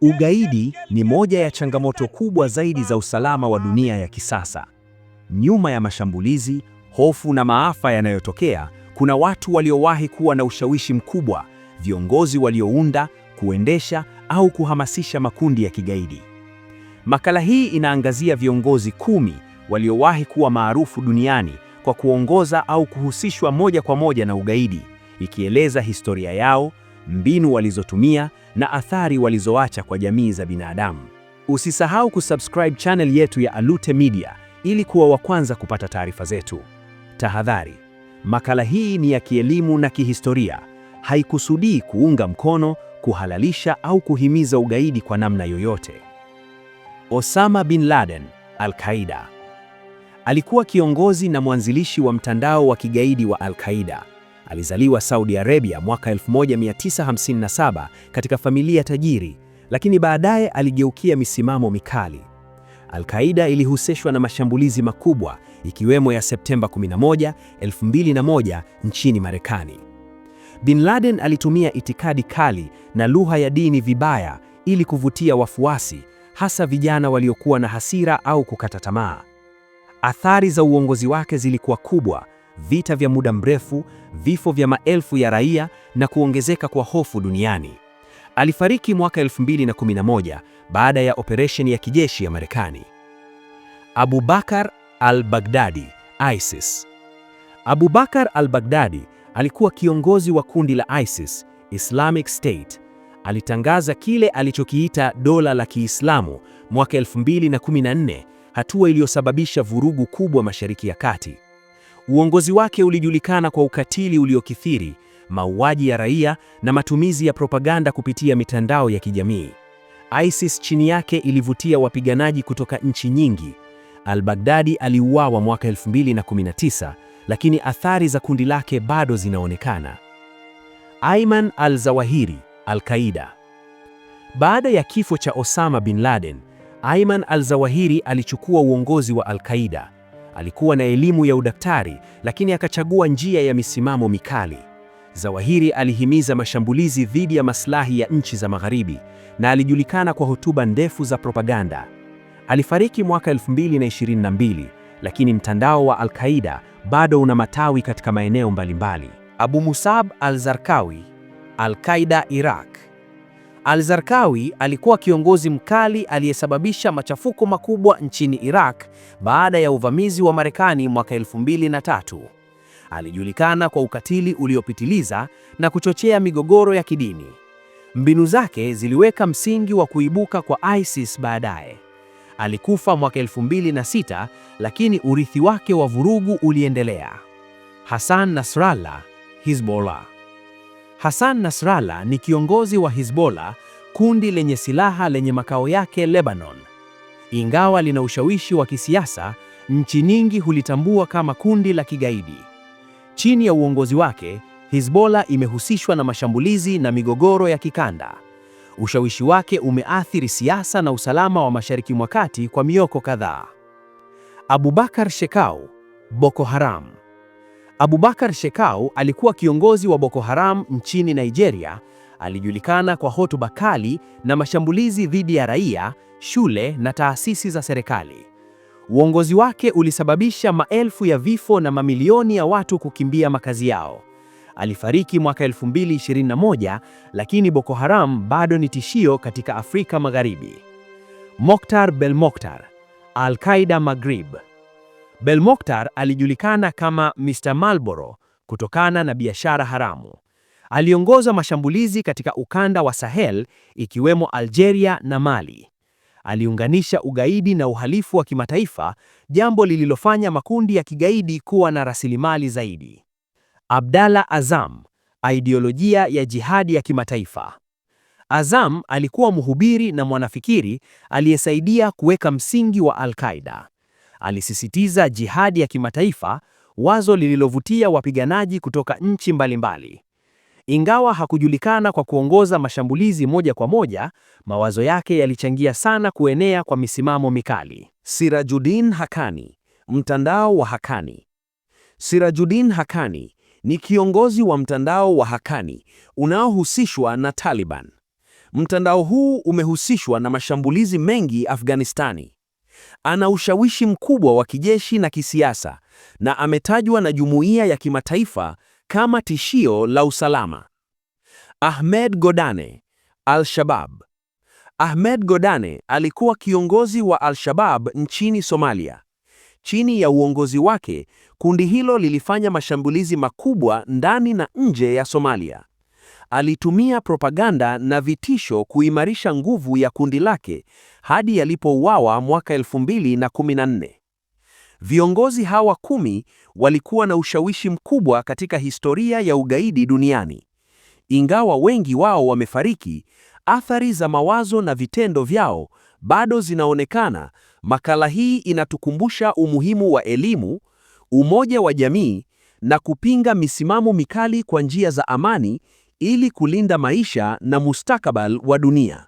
Ugaidi ni moja ya changamoto kubwa zaidi za usalama wa dunia ya kisasa. Nyuma ya mashambulizi, hofu na maafa yanayotokea, kuna watu waliowahi kuwa na ushawishi mkubwa, viongozi waliounda, kuendesha au kuhamasisha makundi ya kigaidi. Makala hii inaangazia viongozi kumi waliowahi kuwa maarufu duniani kwa kuongoza au kuhusishwa moja kwa moja na ugaidi, ikieleza historia yao mbinu walizotumia na athari walizoacha kwa jamii za binadamu. Usisahau kusubscribe channel yetu ya Alute Media ili kuwa wa kwanza kupata taarifa zetu. Tahadhari: makala hii ni ya kielimu na kihistoria, haikusudii kuunga mkono, kuhalalisha au kuhimiza ugaidi kwa namna yoyote. Osama bin Laden, Al-Qaida. Alikuwa kiongozi na mwanzilishi wa mtandao wa kigaidi wa Al-Qaida. Alizaliwa Saudi Arabia mwaka 1957 katika familia tajiri, lakini baadaye aligeukia misimamo mikali. Al-Qaida ilihusishwa na mashambulizi makubwa ikiwemo ya Septemba 11, 2001 nchini Marekani. Bin Laden alitumia itikadi kali na lugha ya dini vibaya ili kuvutia wafuasi, hasa vijana waliokuwa na hasira au kukata tamaa. Athari za uongozi wake zilikuwa kubwa vita vya muda mrefu, vifo vya maelfu ya raia na kuongezeka kwa hofu duniani. Alifariki mwaka 2011 baada ya operesheni ya kijeshi ya Marekani. Abu Bakar al-Baghdadi, ISIS. Abu Bakar al-Baghdadi alikuwa kiongozi wa kundi la ISIS, Islamic State. Alitangaza kile alichokiita dola la Kiislamu mwaka 2014, hatua iliyosababisha vurugu kubwa Mashariki ya Kati. Uongozi wake ulijulikana kwa ukatili uliokithiri, mauaji ya raia na matumizi ya propaganda kupitia mitandao ya kijamii. ISIS chini yake ilivutia wapiganaji kutoka nchi nyingi. Al-Baghdadi aliuawa mwaka 2019, lakini athari za kundi lake bado zinaonekana. Ayman al-Zawahiri, Al-Qaida. Baada ya kifo cha Osama bin Laden, Ayman al-Zawahiri alichukua uongozi wa Al-Qaida Alikuwa na elimu ya udaktari, lakini akachagua njia ya misimamo mikali. Zawahiri alihimiza mashambulizi dhidi ya maslahi ya nchi za Magharibi na alijulikana kwa hotuba ndefu za propaganda. Alifariki mwaka 2022, lakini mtandao wa Al-Qaida bado una matawi katika maeneo mbalimbali. Abu Musab Al-Zarqawi, Al-Qaida Iraq. Al-Zarqawi alikuwa kiongozi mkali aliyesababisha machafuko makubwa nchini Iraq baada ya uvamizi wa Marekani mwaka 2003. Alijulikana kwa ukatili uliopitiliza na kuchochea migogoro ya kidini. Mbinu zake ziliweka msingi wa kuibuka kwa ISIS baadaye. Alikufa mwaka 2006, lakini urithi wake wa vurugu uliendelea. Hassan Nasrallah, Hezbollah Hassan Nasrallah ni kiongozi wa Hezbollah, kundi lenye silaha lenye makao yake Lebanon. Ingawa lina ushawishi wa kisiasa, nchi nyingi hulitambua kama kundi la kigaidi. Chini ya uongozi wake, Hezbollah imehusishwa na mashambulizi na migogoro ya kikanda. Ushawishi wake umeathiri siasa na usalama wa Mashariki mwa Kati kwa miongo kadhaa. Abubakar Shekau, Boko Haram. Abubakar Shekau alikuwa kiongozi wa Boko Haram nchini Nigeria. Alijulikana kwa hotuba kali na mashambulizi dhidi ya raia, shule na taasisi za serikali. Uongozi wake ulisababisha maelfu ya vifo na mamilioni ya watu kukimbia makazi yao. Alifariki mwaka 2021, lakini Boko Haram bado ni tishio katika Afrika Magharibi. Moktar Belmokhtar, Al-Qaeda Maghrib. Belmokhtar alijulikana kama Mr. Marlboro kutokana na biashara haramu. Aliongoza mashambulizi katika ukanda wa Sahel ikiwemo Algeria na Mali. Aliunganisha ugaidi na uhalifu wa kimataifa, jambo lililofanya makundi ya kigaidi kuwa na rasilimali zaidi. Abdalla Azam, ideolojia ya jihadi ya kimataifa. Azam alikuwa mhubiri na mwanafikiri aliyesaidia kuweka msingi wa Al-Qaeda alisisitiza jihadi ya kimataifa, wazo lililovutia wapiganaji kutoka nchi mbalimbali. Ingawa hakujulikana kwa kuongoza mashambulizi moja kwa moja, mawazo yake yalichangia sana kuenea kwa misimamo mikali. Sirajuddin Haqqani, mtandao wa Haqqani. Sirajuddin Haqqani ni kiongozi wa mtandao wa Haqqani unaohusishwa na Taliban. Mtandao huu umehusishwa na mashambulizi mengi Afghanistani. Ana ushawishi mkubwa wa kijeshi na kisiasa na ametajwa na jumuiya ya kimataifa kama tishio la usalama. Ahmed Godane, Al-Shabab. Ahmed Godane alikuwa kiongozi wa Al-Shabab nchini Somalia. Chini ya uongozi wake, kundi hilo lilifanya mashambulizi makubwa ndani na nje ya Somalia alitumia propaganda na vitisho kuimarisha nguvu ya kundi lake hadi alipouawa mwaka 2014. Viongozi hawa kumi walikuwa na ushawishi mkubwa katika historia ya ugaidi duniani. Ingawa wengi wao wamefariki, athari za mawazo na vitendo vyao bado zinaonekana. Makala hii inatukumbusha umuhimu wa elimu, umoja wa jamii na kupinga misimamo mikali kwa njia za amani ili kulinda maisha na mustakabali wa dunia.